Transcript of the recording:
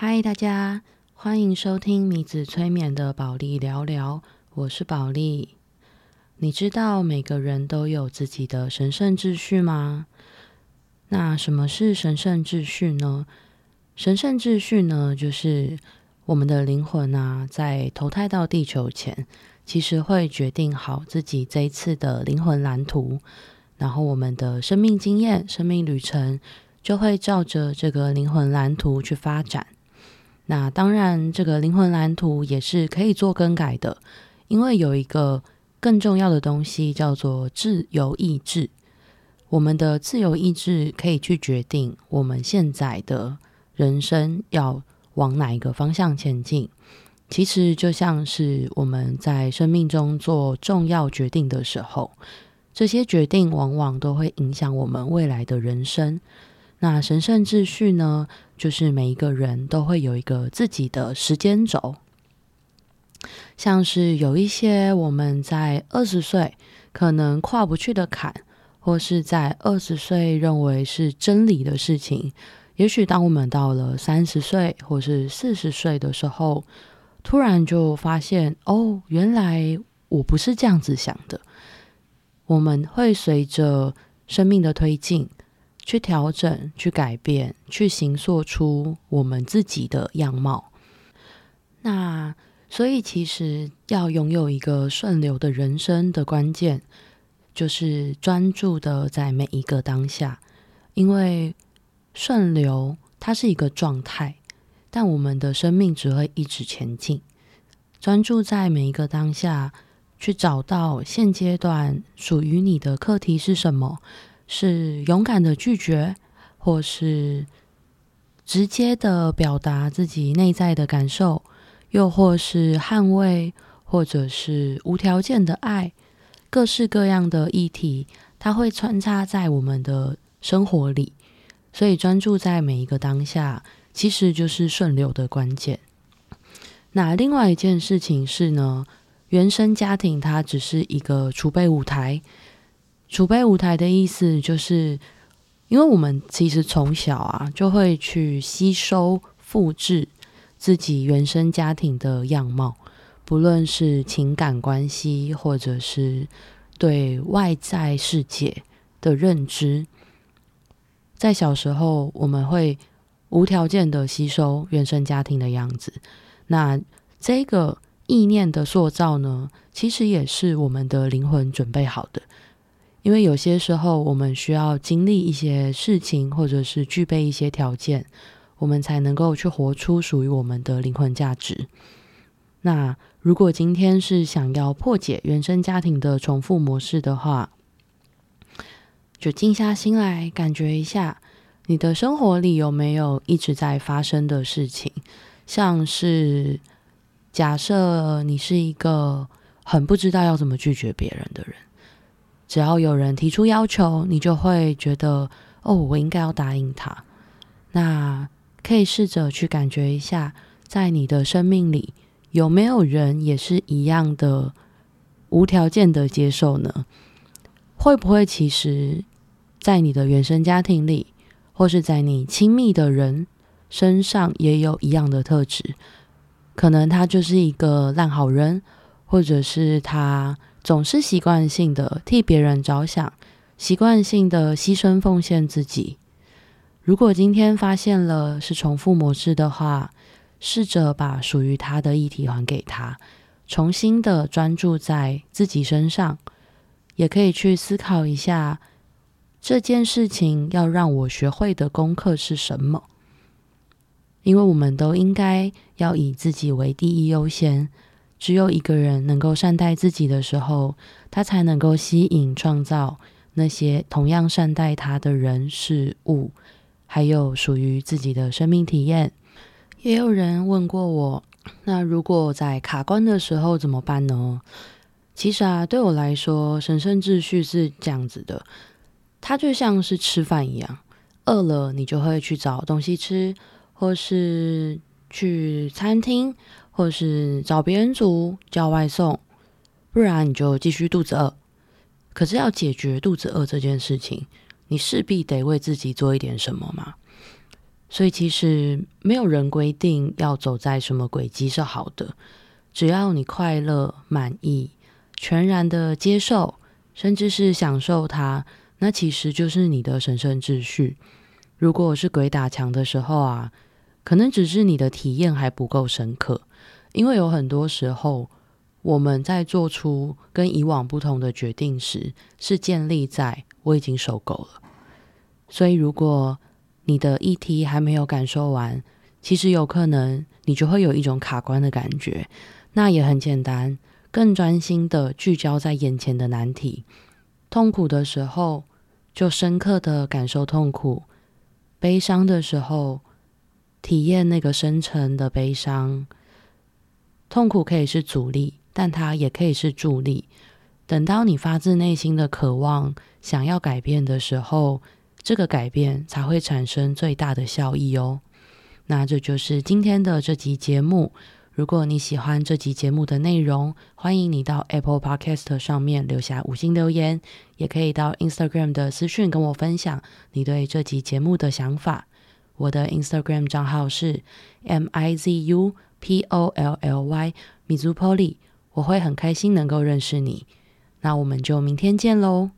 嗨，Hi, 大家歡迎收聽迷子催眠的寶莉聊聊，我是寶莉。你知道每個人都有自己的神聖秩序嗎？那什麼是神聖秩序呢？神聖秩序呢，就是我們的靈魂啊，在投胎到地球前，其實會決定好自己這一次的靈魂藍圖，然後我們的生命經驗、生命旅程就會照着這個靈魂藍圖去發展。那當然，這個靈魂藍圖也是可以做更改的，因為有一個更重要的東西叫做自由意志。我們的自由意志可以去決定我們現在的人生要往哪一個方向前進。其實就像是我們在生命中做重要決定的時候，這些決定往往都會影響我們未來的人生。那神聖秩序呢，就是每一個人都會有一個自己的時間軸，像是有一些我們在二十歲可能跨不去的坎，或是在二十歲認為是真理的事情，也許當我們到了三十歲或是四十歲的時候，突然就發現，哦，原來我不是這樣子想的。我們會隨着生命的推進。去調整、去改變、去形塑出我們自己的樣貌。那所以，其實要擁有一個順流的人生的關鍵，就是專注的在每一個當下，因為順流它是一個狀態，但我們的生命只會一直前進。專注在每一個當下，去找到現階段屬於你的課題是什麼？是勇敢的拒絕，或是直接的表達自己內在的感受，又或是捍衛，或者是無條件的愛，各式各樣的議題，它會穿插在我們的生活裡。所以，專注在每一個當下，其實就是順流的關鍵。那另外一件事情是呢，原生家庭它只是一個儲備舞台。儲備舞台的意思就是，因為我們其實從小啊就會去吸收、複製自己原生家庭的樣貌，不論是情感關係，或者是對外在世界的認知，在小時候我們會無條件的吸收原生家庭的樣子。那這個意念的塑造呢，其實也是我們的靈魂準備好的。因為有些時候，我們需要經歷一些事情，或者是具備一些條件，我們才能夠去活出屬於我們的靈魂價值。那如果今天是想要破解原生家庭的重複模式的話，就靜下心來，感覺一下你的生活裡有沒有一直在發生的事情。像是假設你是一個很不知道要怎麼拒絕別人的人。只要有人提出要求，你就會覺得哦，我應該要答應他。那可以試着去感覺一下，在你的生命裡有沒有人也是一樣的無條件的接受呢？會不會其實，在你的原生家庭裡，或是在你親密的人身上也有一樣的特質？可能他就是一個爛好人，或者是他。總是習慣性的替別人着想，習慣性的犧牲奉獻自己。如果今天發現了是重複模式的話，試着把屬於他的議題還給他，重新的專注在自己身上，也可以去思考一下這件事情要讓我學會的功課是什麼。因為我們都應該要以自己為第一優先。只有一個人能夠善待自己的時候，他才能夠吸引、創造那些同樣善待他的人、事物，還有屬於自己的生命體驗。也有人問過我，那如果在卡關的時候怎麼辦呢？其實啊，對我來說，神聖秩序是這樣子的，它就像是吃飯一樣，餓了你就會去找東西吃，或是去餐廳。或是找別人煮，叫外送，不然你就繼續肚子餓。可是要解決肚子餓這件事情，你勢必得為自己做一點什麼嘛。所以其實沒有人規定要走在什麼軌跡是好的，只要你快樂、滿意、全然的接受，甚至是享受它，那其實就是你的神聖秩序。如果是鬼打牆的時候啊，可能只是你的體驗還不夠深刻。因為有很多時候，我們在做出跟以往不同的決定時，是建立在我已經受夠了。所以，如果你的議題還沒有感受完，其實有可能你就會有一種卡關的感覺。那也很簡單，更專心的聚焦在眼前的難題。痛苦的時候，就深刻的感受痛苦；悲傷的時候，體驗那個深沉的悲傷。痛苦可以是阻力，但它也可以是助力。等到你發自內心的渴望想要改變的時候，這個改變才會產生最大的效益哦。那這就是今天的這集節目。如果你喜歡這集節目的內容，歡迎你到 Apple Podcast 上面留下五星留言，也可以到 Instagram 的私訊跟我分享你對這集節目的想法。我的 Instagram 賬號是 M I Z U。P O L L Y，Mizu Polly，我會很開心能夠認識你。那我們就明天見嘍！